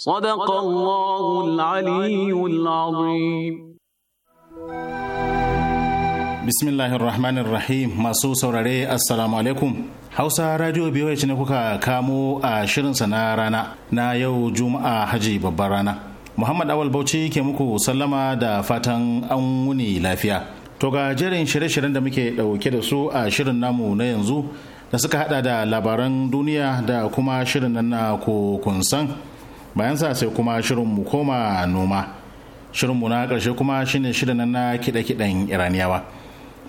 صدق الله العلي العظيم الرحيم masu saurare السلام alaikum Hausa Radio ya ne kuka kamo a shirinsa na rana na yau Juma'a Haji babban rana. Muhammad Awal Bauchi ke muku sallama da fatan an wuni lafiya. To ga jerin shirye-shiryen da muke dauke da su a shirin namu na yanzu da suka hada da labaran duniya da kuma shirin nan na san bayan sa sai kuma shirin mu koma noma shirin mu na ƙarshe kuma shine shirin na kiɗe-kiɗen iraniyawa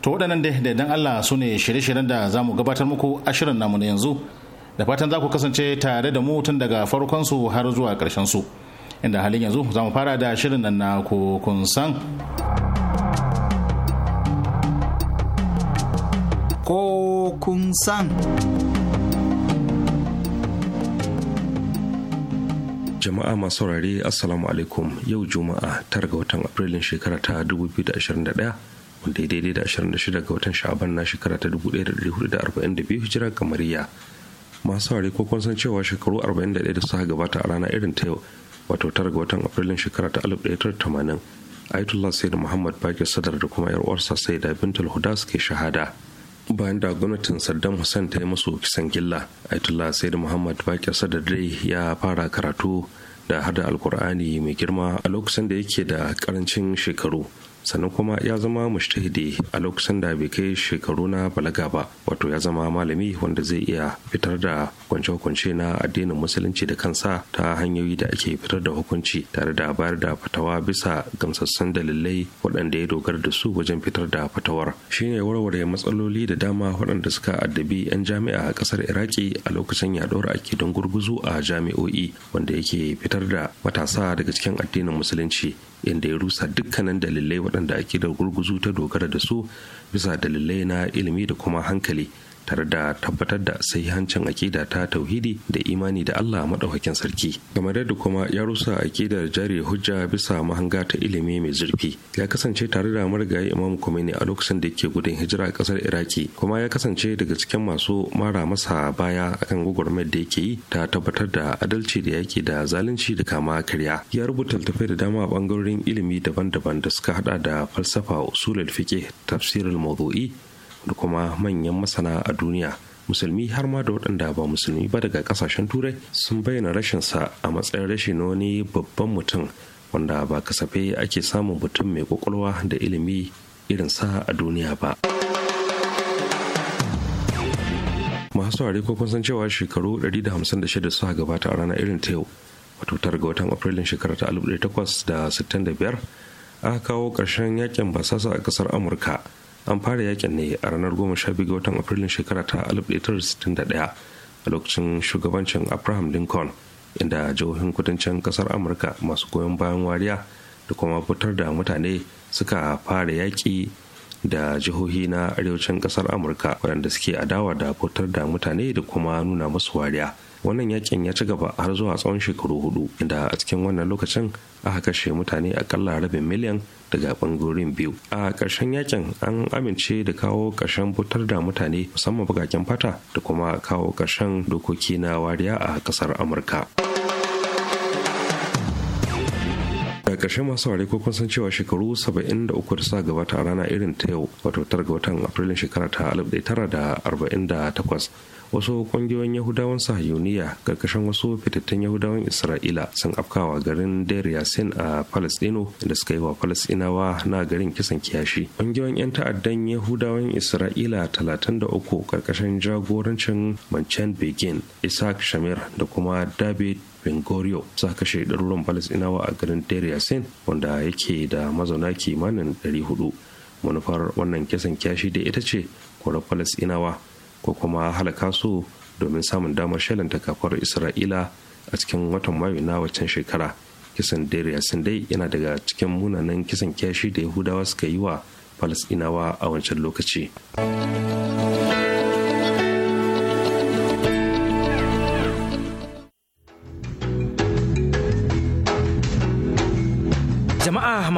to waɗannan dai da dan allah su ne shirye-shiryen da za mu gabatar muku a shirin namu na yanzu da fatan za ku kasance tare da mu tun daga farkon su har zuwa karshen su inda halin yanzu za mu fara da shirin nan na kun san san jama'a masu saurare assalamu alaikum yau juma'a tara ga watan afrilun shekara ta 2021 wanda daidai da 26 ga watan sha'aban na shekara ta 1442 hijira kamariya masu saurare ko kun san cewa shekaru 41 da suka gabata a rana irin ta yau wato tara ga watan afrilun shekara ta 1980 ayatollah sayyid muhammad bakir sadar da kuma yar uwarsa sayyida bintul huda suke shahada bayan da gwamnatin saddam hussein ta yi masu kisan gilla aitullah sayyid muhammad bakir sadadai ya fara karatu da hada alkur'ani mai girma a lokacin da yake da karancin shekaru sannan kuma ya zama mushtahidi a lokacin da bai kai shekaru na balaga ba wato ya zama malami wanda zai iya fitar da kwance-kwance na addinin musulunci da kansa ta hanyoyi da ake fitar da hukunci tare da bayar da fatawa bisa gamsassun dalilai waɗanda ya dogara da su wajen fitar da fatawar Shi ne warware matsaloli da dama waɗanda suka addabi 'yan jami'a a ƙasar iraki a lokacin yaɗuwar ake don gurguzu a jami'o'i wanda yake fitar da matasa daga cikin addinin musulunci inda ya rusa dukkanin dalilai waɗanda ake da gurguzu ta dogara da su bisa dalilai na ilimi da kuma hankali tare da tabbatar da hancin aƙida ta tauhidi da imani da Allah maɗaukakin sarki kamar yadda kuma ya rusa akidar jari hujja bisa mahanga ta ilimi mai zurfi ya kasance tare da marigayi Imam Khomeini a lokacin da yake gudun hijira a ƙasar Iraki kuma ya kasance daga cikin masu mara masa baya akan gwagwarmayar da yake yi ta tabbatar da adalci da yaki da zalunci da kama karya ya rubuta littattafai da dama a bangarorin ilimi daban-daban da suka hada da falsafa usulul fiqh tafsirul mawdu'i da kuma manyan masana a duniya musulmi har ma da waɗanda ba musulmi ba daga ƙasashen turai sun bayyana rashin sa a matsayin rashin wani babban mutum wanda ba kasafai ake samun mutum mai kwakwalwa da ilimi irin sa a duniya ba. masu saurare ko kun san cewa shekaru 156 suka gabata a ranar irin ta yau wato tara ga watan afrilun shekarar ta 1865 aka kawo ƙarshen yakin basasa a ƙasar amurka an fara yakin ne a ranar goma 12 ga watan afrilun shekara ta 1961 a lokacin shugabancin abraham lincoln inda jihohin kudancin kasar amurka masu goyon bayan wariya da kuma fitar da mutane suka fara yaƙi da jihohi na arewacin kasar amurka waɗanda suke adawa da fitar da mutane da kuma nuna musu wariya wannan yakin ya ci gaba har zuwa tsawon shekaru hudu inda a cikin wannan lokacin aka kashe mutane akalla rabin miliyan daga bangorin biyu a ƙarshen yakin an amince da kawo ƙarshen butar da mutane musamman bakakin fata da kuma kawo ƙarshen dokoki na wariya a ƙasar amurka a ƙarshen masu ware ko kun san cewa shekaru 73 da sa gabata a rana irin ta yau wato tara ga watan afrilun shekara ta 1948 wasu kungiyoyin yahudawan sahiyuniya karkashin wasu fitattun yahudawan isra'ila sun afkawa garin deir yasin a palestino da suka yi wa palestinawa na garin kisan kiyashi kungiyoyin 'yan ta'addan yahudawan isra'ila 33 karkashin jagorancin mancen begin isaac shamir da kuma david Bengorio za kashe ɗaruran palestinawa a garin Deir yasin wanda yake da mazauna kimanin 400. Manufar wannan kisan kiyashi da ita ce kwarar palestinawa ko kuma halaka su domin samun damar shalanta kafar isra'ila a cikin watan mayu na waccan shekara kisan dare sun dai yana daga cikin munanan kisan kyashi da yahudawa suka yi wa falasɗinawa a wancan lokaci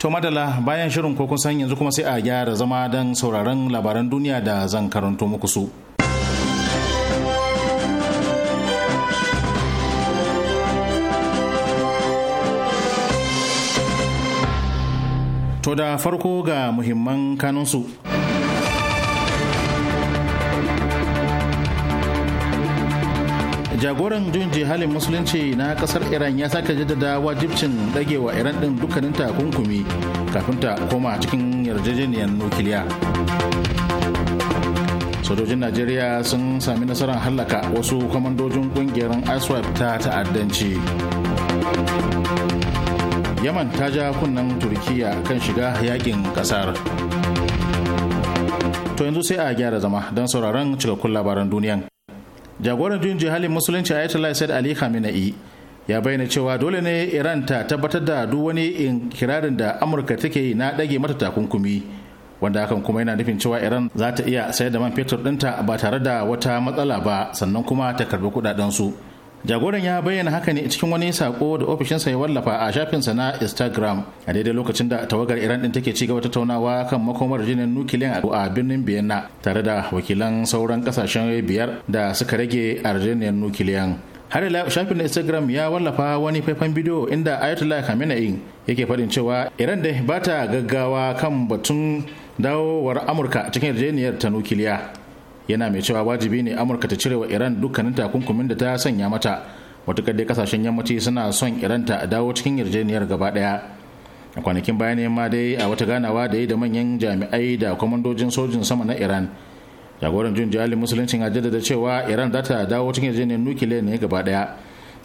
To madala bayan shirin ko kun san yanzu kuma sai a gyara zama don sauraron labaran duniya da zan karanto muku su. To da farko ga muhimman kanunsu. jagoran junji halin musulunci na kasar iran ya sake jaddada wajibcin dagewa iran din dukkanin takunkumi kafin ta koma cikin yarjejeniyar nukiliya sojojin najeriya sun sami nasarar hallaka wasu kwamandojin kungiyar aswap ta ta'addanci yaman ta ja kunnen turkiya kan shiga yakin kasar to yanzu sai a gyara zama don sauraron cikakkun labaran duniyan jagoran juyin halin musulunci ayatollah said ali khamenei ya bayyana cewa dole ne iran ta tabbatar da duk wani inkirarin da amurka take yi na ɗage mata takunkumi wanda hakan kuma yana nufin cewa iran za ta iya sayar da man fetur ɗinta ba tare da wata matsala ba sannan kuma ta karbi kuɗaɗen su jagoran ya bayyana haka ne cikin wani sako da ofishinsa ya wallafa a shafinsa na instagram a daidai lokacin da tawagar iran din take cigaba tattaunawa kan makomar jinin nukiliyan a birnin biyanna tare da wakilan sauran kasashen biyar da suka rage arjeniyar nukiliyan har ila shafin na instagram ya wallafa wani faifan bidiyo inda ayatollah khamenei yake faɗin cewa iran da bata gaggawa kan batun dawowar amurka cikin yarjejeniyar ta nukiliya yana mai cewa wajibi ne amurka ta cire wa iran dukkanin takunkumin da ta sanya mata watakar dai kasashen yammaci suna son iran ta dawo cikin yarjejeniyar gaba daya a kwanakin bayan ma dai a wata ganawa da yi da manyan jami'ai da kwamandojin sojin sama na iran jagoran jun jihalin musuluncin a jaddada cewa iran za ta dawo cikin yarjejeniyar nukiliya ne gaba daya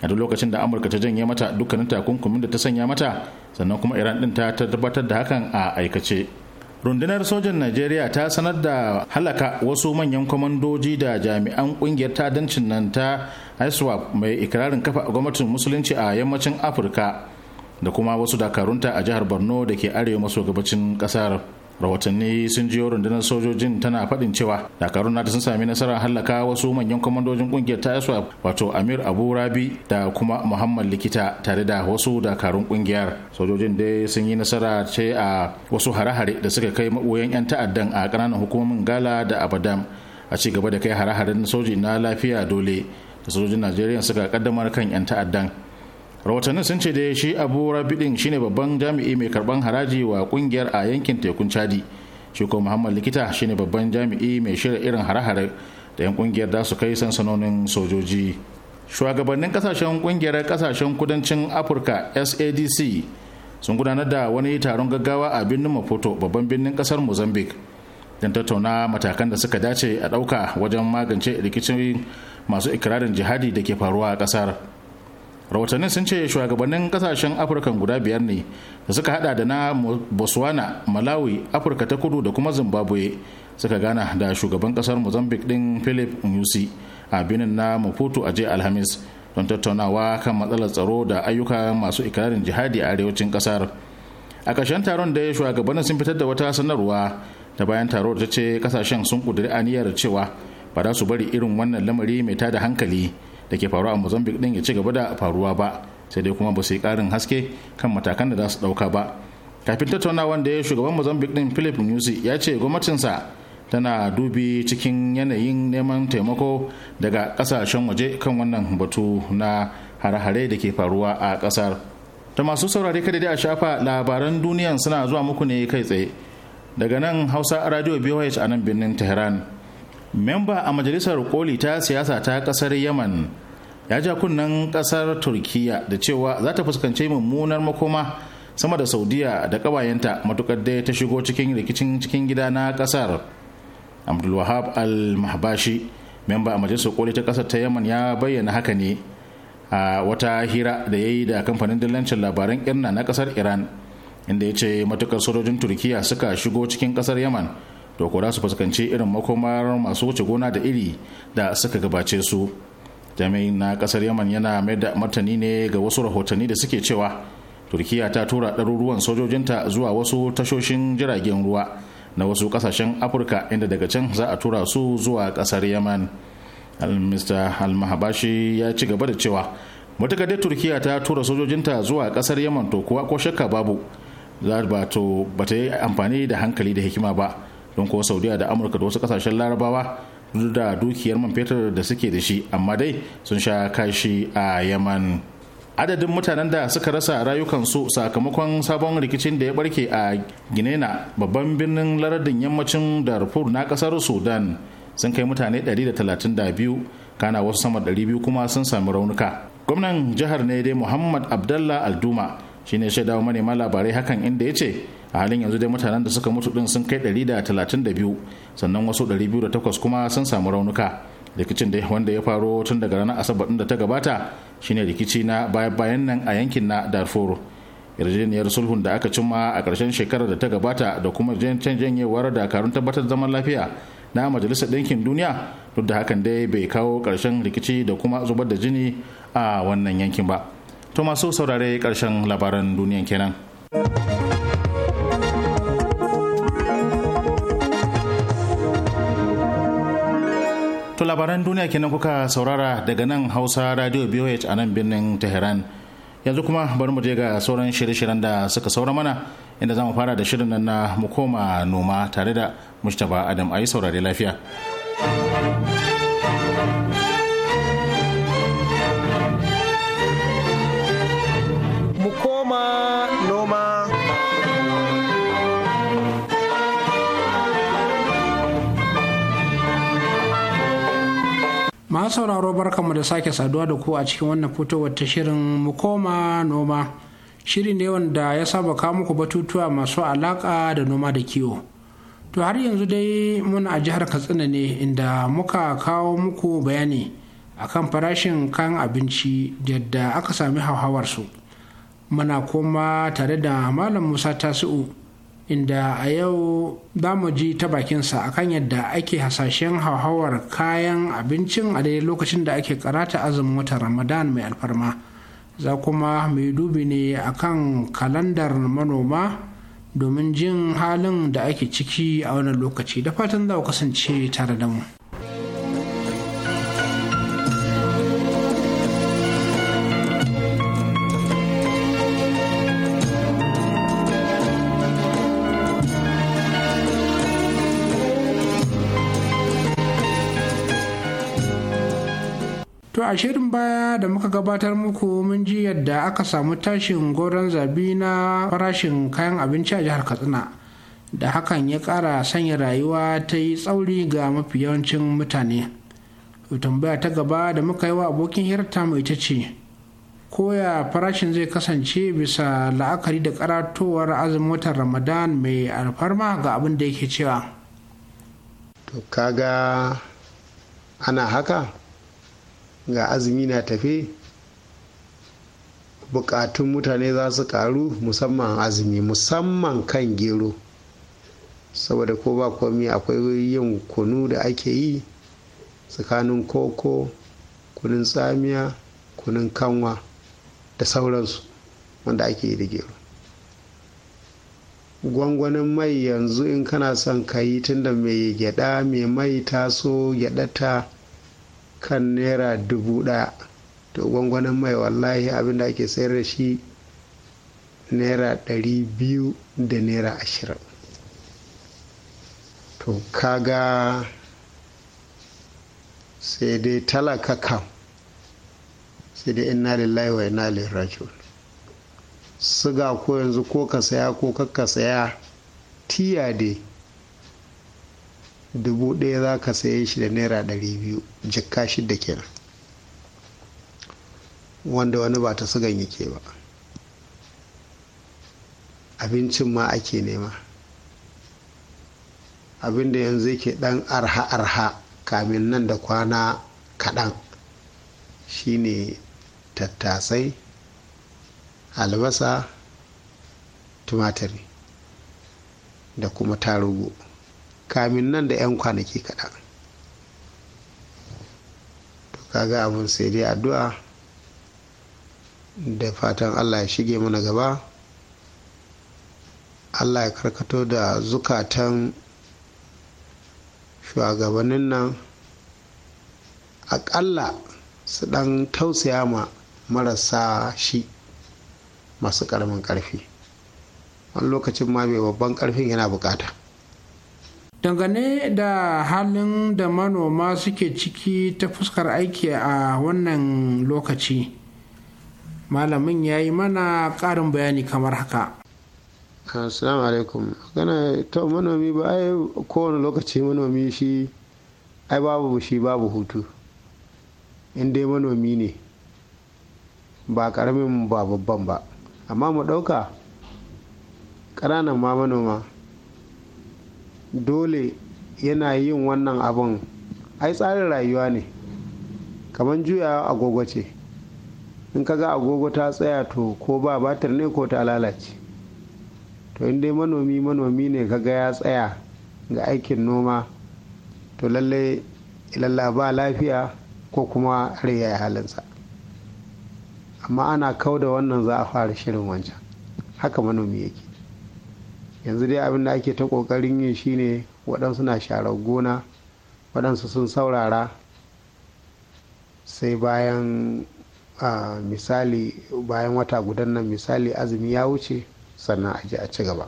a duk lokacin da amurka ta janye mata dukkanin takunkumin da ta sanya mata sannan kuma iran din ta tabbatar da hakan a aikace. rundunar sojan najeriya ta sanar da halaka wasu manyan kwamandoji da jami'an kungiyar tadancin nan ta iswap mai ikirarin kafa gwamnatin musulunci a yammacin afirka da kuma wasu dakarunta a jihar borno da ke arewa maso gabacin kasar rahotanni sun jiyo rundunar sojojin tana faɗin cewa dakarun nata sun sami nasarar hallaka wasu manyan kwamandojin kungiyar ta iswap wato amir abu rabi da kuma muhammad likita tare da wasu dakarun ƙungiyar. sojojin dai sun yi nasara ce a wasu hare-hare da suka kai maɓoyan 'yan ta'addan a kananan hukumomin gala da abadam a ci gaba da kai hare-haren soji na lafiya dole da sojojin najeriya suka kaddamar kan 'yan ta'addan rahotannin sun ce da shi abu rabi din shine babban jami'i mai karban haraji wa kungiyar a yankin tekun chadi shi muhammad likita shine babban jami'i mai shirya irin hare-hare da yan kungiyar da su kai sansanonin sojoji shugabannin kasashen kungiyar kasashen kudancin afirka sadc sun gudanar da wani taron gaggawa a birnin maputo babban birnin kasar mozambique don tattauna matakan da suka dace a ɗauka wajen magance rikicin masu ikirarin jihadi da ke faruwa a ƙasar. rahotannin sun ce shugabannin kasashen afirka guda biyar ne da suka hada da na botswana malawi afirka ta kudu da kuma zimbabwe suka gana da shugaban kasar mozambique din philip nyusi a binin na maputo a jiya alhamis don tattaunawa kan matsalar tsaro da ayyuka masu ikirarin jihadi a arewacin kasar a ƙarshen taron da shugabannin sun fitar da wata sanarwa ta bayan taro da ta ce kasashen sun ƙudiri aniyar cewa ba za su bari irin wannan lamari mai tada hankali da ke faruwa a mozambique din ya ci gaba da faruwa ba sai dai kuma ba su yi karin haske kan matakan da za su dauka ba kafin tattaunawa da ya shugaban mozambique din philip nyusi ya ce gwamnatinsa tana dubi cikin yanayin neman taimako daga kasashen waje kan wannan batu na hare-hare da ke faruwa a kasar ta masu saurari kada dai a shafa labaran duniyan suna zuwa muku ne kai tsaye daga nan hausa radio bh a nan birnin tehran memba a majalisar koli ta siyasa ta kasar yaman ya ja kunnen kasar turkiya da cewa za ta fuskanci mummunar makoma sama da saudiya da kabayenta matukar dai ta shigo cikin rikicin cikin gida na kasar abdulwahab al-mahbashi memba a majalisar koli ta kasar ta yaman ya bayyana haka ne a wata hira da ya yi da kamfanin dillancin labaran irna na kasar iran inda ya ce matukar sojojin turkiya suka shigo cikin kasar yaman to ko su fuskanci irin makomar masu wuce gona da iri da suka gabace su jami'in na kasar yaman yana mai da martani ne ga wasu rahotanni da suke cewa turkiya ta tura ɗaruruwan sojojinta zuwa wasu tashoshin jiragen ruwa na wasu kasashen afirka inda daga can za a tura su zuwa kasar yaman mr almahabashi ya ci gaba da cewa matuƙar dai turkiya ta tura sojojinta zuwa ƙasar yaman to kuwa ko shakka babu za ba ta yi amfani da hankali da hikima ba don kuwa saudiya da amurka da wasu kasashen larabawa duk da dukiyar man fetur da suke da shi amma dai sun sha kashi a yaman adadin mutanen da suka rasa rayukansu sakamakon sabon rikicin da ya barke a ginena babban birnin lardin yammacin darfur na kasar sudan sun kai mutane 132 kana wasu sama 200 kuma sun sami raunuka gwamnan jihar ne dai muhammad abdallah alduma shine shaidawa manema labarai hakan inda ya ce a halin yanzu dai mutanen da suka mutu din sun kai 132 sannan wasu 208 kuma sun samu raunuka rikicin dai wanda ya faro tun daga ranar asabar da ta gabata shine rikici na bayan nan a yankin na darfur yarjejeniyar sulhun da aka cimma a ƙarshen shekarar da ta gabata da kuma janyewar dakarun tabbatar zaman lafiya na majalisar ɗinkin duniya duk da hakan dai bai kawo ƙarshen rikici da kuma zubar da jini a wannan yankin ba to masu saurare ƙarshen labaran duniyan kenan. labaran duniya kenan kuka saurara daga nan hausa radio boh a nan birnin tehran yanzu kuma bari mu je ga sauran shirye-shiryen da suka saura mana inda za mu fara da shirin nan na mu koma noma tare da mustapha adam a yi saurare lafiya. masu sauraro barkanmu da sake saduwa da ku a cikin wannan fitowar ta shirin mu koma noma shiri ne wanda ya saba kawo muku batutuwa masu alaka da noma da kiwo to har yanzu dai muna a jihar katsina ne inda muka kawo muku bayani akan farashin kan abinci yadda aka sami hauhawar su, muna kuma tare da malam musa tasu'u inda a yau za mu ji ta bakinsa akan yadda ake hasashen hauhawar kayan abincin a daidai lokacin da ake karata azumin watan ramadan mai alfarma za kuma mai dubi ne akan kalandar manoma domin jin halin da ake ciki a wannan lokaci da fatan za ku kasance tare da mu a shirin baya da muka gabatar muku mun ji yadda aka samu tashin goron zabi na farashin kayan abinci a jihar katsina da hakan ya ƙara sanya rayuwa ta yi tsauri ga mafi yawancin mutane tambaya ta gaba da muka yi wa abokin hirta mai ita ce koya farashin zai kasance bisa la'akari da karatowar azumin watan ramadan mai alfarma ga abin da yake cewa to kaga ana haka ga azumi na tafe bukatun mutane za su karu musamman azumi musamman kan gero saboda ko ba komi akwai yin kunu da ake yi tsakanin koko kunun tsamiya kunun kanwa da sauransu wanda ake yi da gero gwangwanin mai yanzu in kana son ka yi tunda mai gyada mai mai taso gyadata kan naira dubu ɗaya to gwangwanin mai wallahi abin da ake sayar da shi naira ɗari biyu da naira ashirin to kaga sai dai talaka kam sai dai inna lillahi wa inna lillahi suga siga ko yanzu ko ka saya ko kakka saya tiya dai dubu ɗaya za ka saye shi da naira ɗari biyu jikka shidda kenan wanda wani ba ta sugan yake ba abincin ma ake nema abin da yanzu yake ɗan arha-arha kamin nan da kwana kaɗan shine tattasai albasa tumatiri da kuma tarugu kamin nan da 'yan kwanaki kaɗan to kaga abin sai dai addu'a da fatan allah ya shige mana gaba allah ya karkato da zukatan shugabannin nan aƙalla su ɗan tausaya ma marasa shi masu ƙaramin ƙarfi wani lokacin ma mai babban ƙarfin yana buƙata. dangane da halin da manoma suke ciki ta fuskar aiki a wannan lokaci malamin ya yi mana ƙarin bayani kamar haka assalamu alaikum kana ta manomi ba ai kowane lokaci manomi shi ai babu shi babu hutu in dai manomi ne ba karamin ba babban ba amma mu ɗauka ƙananan ma manoma dole yana yin wannan abin ai tsarin rayuwa ne kamar juyawa agogo ce in ka ga agogo ta tsaya to ko ba batir ne ko ta lalace to in dai manomi manomi ne ka ga ya tsaya ga aikin noma to lalle ilalla ba lafiya ko kuma ya halinsa amma ana kau da wannan za a fara shirin wancan haka manomi yake yanzu dai abin da ake ta kokarin yi shine waɗansu na sharar gona waɗansu sun saurara sai bayan misali bayan wata gudan nan misali azumi ya wuce sannan a ji a ci gaba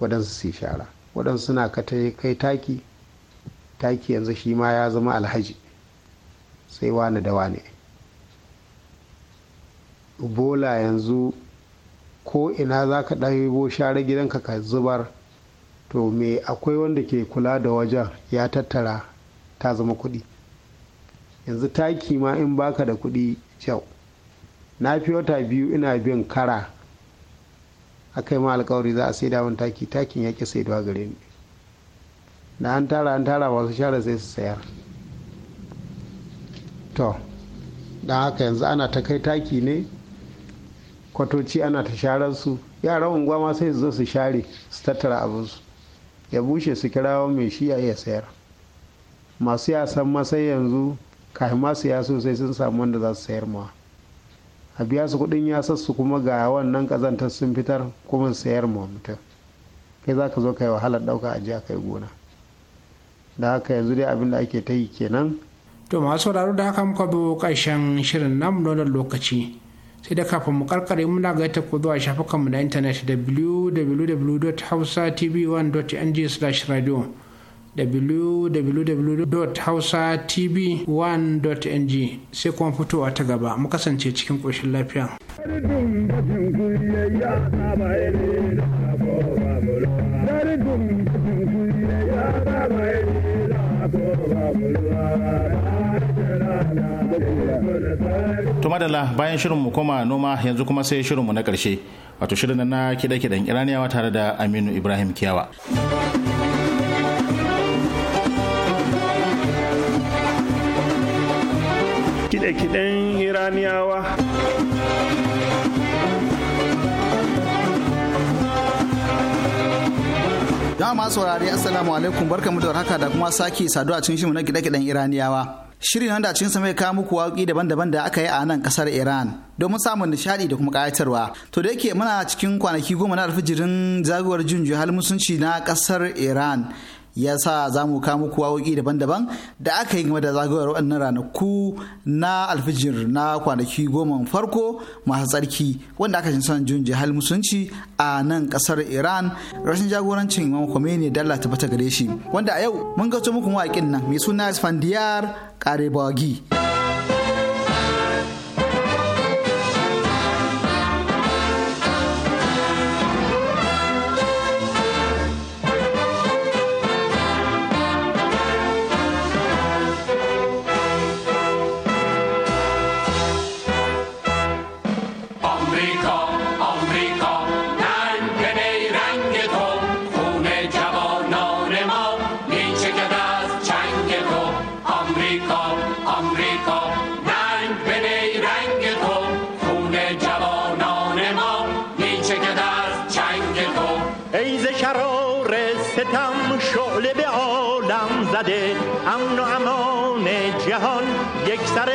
waɗansu su shara waɗansu suna kai taki taki yanzu shi ma ya zama alhaji sai wani da wane bola yanzu ko ina za ka ɗaibo share gidanka ka zubar to me akwai wanda ke kula da wajen ya tattara ta zama kuɗi yanzu taki ma in baka da kuɗi kyau na fi wata biyu ina bin kara a kai ma alkawari za a sai damun taki takin ya ƙi saidawa gare ni da an tara an tara su share sai su sayar to don haka yanzu ana ta kai taki ne kwatoci ana ta sharar su yaran unguwa ma sai su zo su share su tattara abin su ya bushe su kirawo mai shi ya iya sayar masu yasan masai yanzu kafin masu yaso sai sun samu wanda za su sayar ma a biya su kudin ya sassu kuma ga wannan kazantar sun fitar kuma sayar ma mutum kai za ka zo ka yi wahalar ɗauka a jiya kai gona da haka yanzu dai abin da ake ta yi kenan to masu sauraro da haka muka bi ƙarshen shirin namu na lokaci sai da kafin mu karkare muna ga ta ku zuwa shafukanmu na intanet www.hausatv1.ng/radio www.hausatv1.ng sai kuma fitowa ta gaba mu kasance cikin ƙoshin lafiya. Dari To madalla bayan shirinmu koma noma yanzu kuma sai shirinmu na ƙarshe wato shirin na kiɗe-kiɗen Iraniyawa tare da Aminu Ibrahim Kiyawa. Kiɗe-kiɗen Iraniyawa. Dama saurari Assalamu alaikum barkamu da warhaka da kuma sake saduwa cikin shirin na kiɗe-kiɗen Iraniyawa. Shirin nan da cin cikin mai kawo muku waƙi daban-daban da aka yi a nan ƙasar Iran domin samun nishaɗi da kuma ƙayatarwa. To da yake muna cikin kwanaki goma na alfijirin zagawar jin juhal musunci na ƙasar Iran ya sa za mu kawo muku waƙoƙi daban-daban da aka yi game da zagayowar waɗannan ranaku na alfijir na kwanaki goma farko masu tsarki wanda aka son jun jihar musulunci a nan ƙasar iran rashin jagorancin imam khomeini dalla ta bata gare shi wanda a yau mun gato muku waƙin nan mai suna isfandiyar karebagi.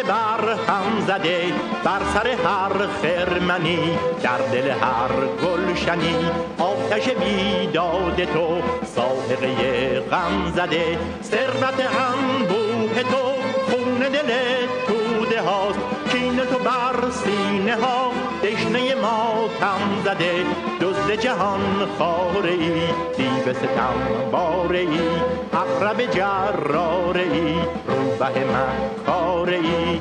بر هم زده بر سر هر خرمنی در دل هر گلشنی آتش بیداد تو ساحقه غم زده ثروت انبوه تو خون دل توده هاست کین تو بر سینه ها دشنه ما تم زده دزد جهان خاره ای دیو ستم باره ای اقرب جراره ای روبه مکاره ای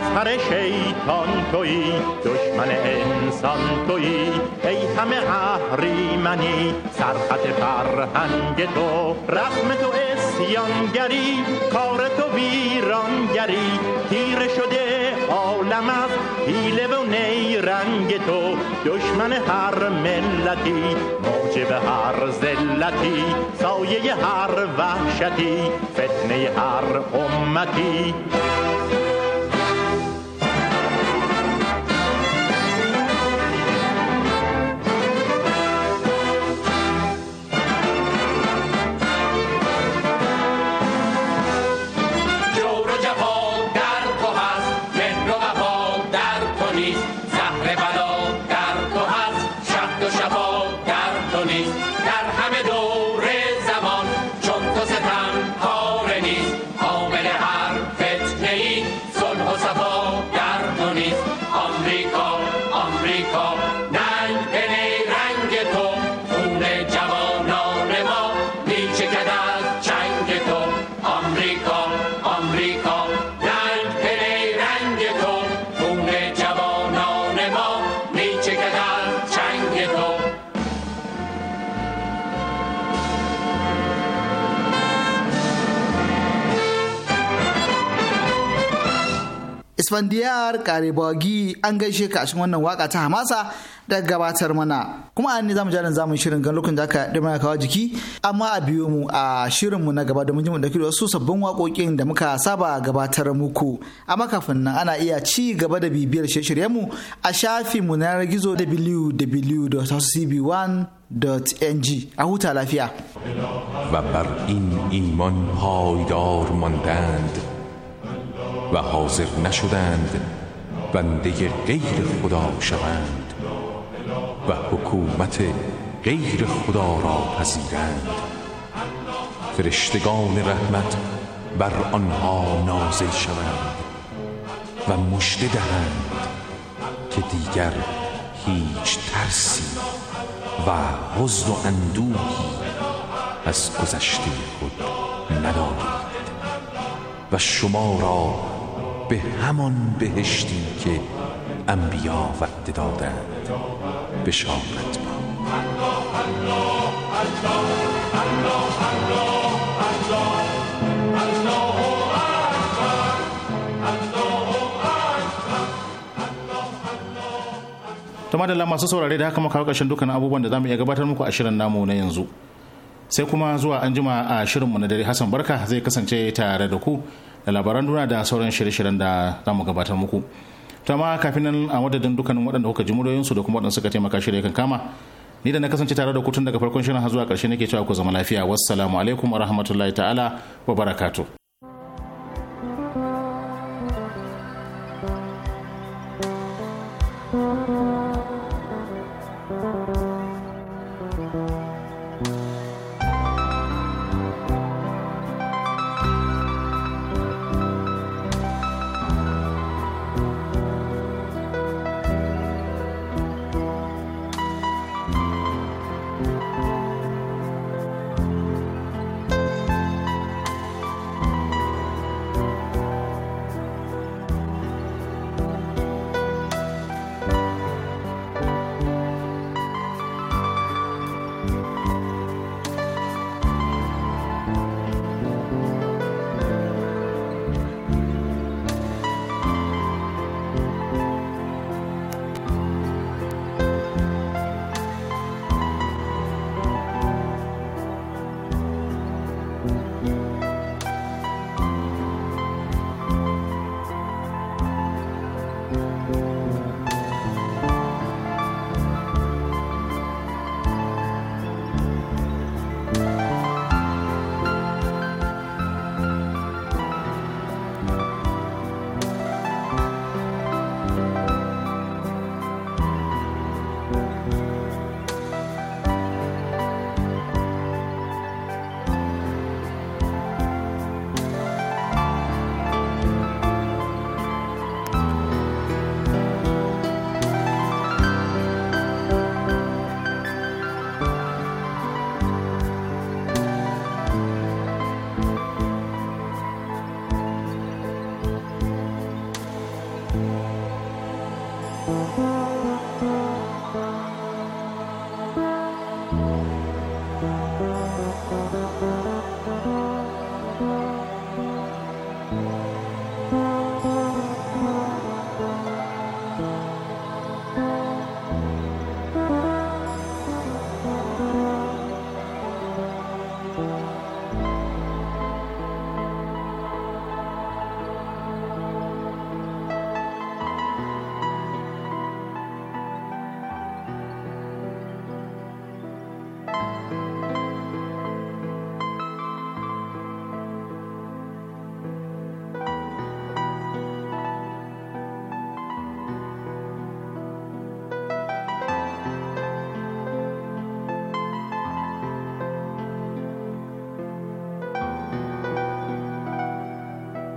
مظهر شیطان توی دشمن انسان توی ای همه اهریمنی سرخط فرهنگ تو رسم تو اسیانگری کار تو ویرانگری تیره شده عالم از پیله و نیرنگ تو دشمن هر ملتی موجب هر ضلتی سایه هر وحشتی فتنه هر امتی Isfandiyar Karebagi an gaishe ka a cikin wannan waka ta Hamasa da gabatar mana. Kuma an ne zamu jarin zamu shirin gan lokacin da aka dimana kawo jiki amma a biyo mu a shirin mu na gaba domin jin mu dauki wasu sabbin waƙoƙin da muka saba gabatar muku. Amma kafin nan ana iya ci gaba da bibiyar shirye mu a shafin mu na gizo www.cb1.ng a huta lafiya. Babbar in iman ایمان پایدار و حاضر نشدند بنده غیر خدا شوند و حکومت غیر خدا را پذیرند فرشتگان رحمت بر آنها نازل شوند و مشده دهند که دیگر هیچ ترسی و حزن و اندوهی از گذشته خود ندارید و شما را به همان بهشتی که انبیا وعده دادند بشارت ما to madalla masu saurare da haka muka ƙarshen dukkan abubuwan da za mu iya gabatar muku a shirin namu na yanzu sai kuma zuwa anjima a shirinmu na dare hassan barka zai kasance tare da ku da labaran duniya da sauran shirye-shiryen da za mu gabatar muku ta ma kafin nan a madadin dukkanin waɗanda kuka ji muryoyinsu da kuma waɗanda suka taimaka shirya kan kama ni da na kasance tare da kutun daga farkon shirin har zuwa ƙarshe nake cewa ku zama lafiya wassalamu alaikum wa rahmatullahi ta'ala wa barakatuh Thank you.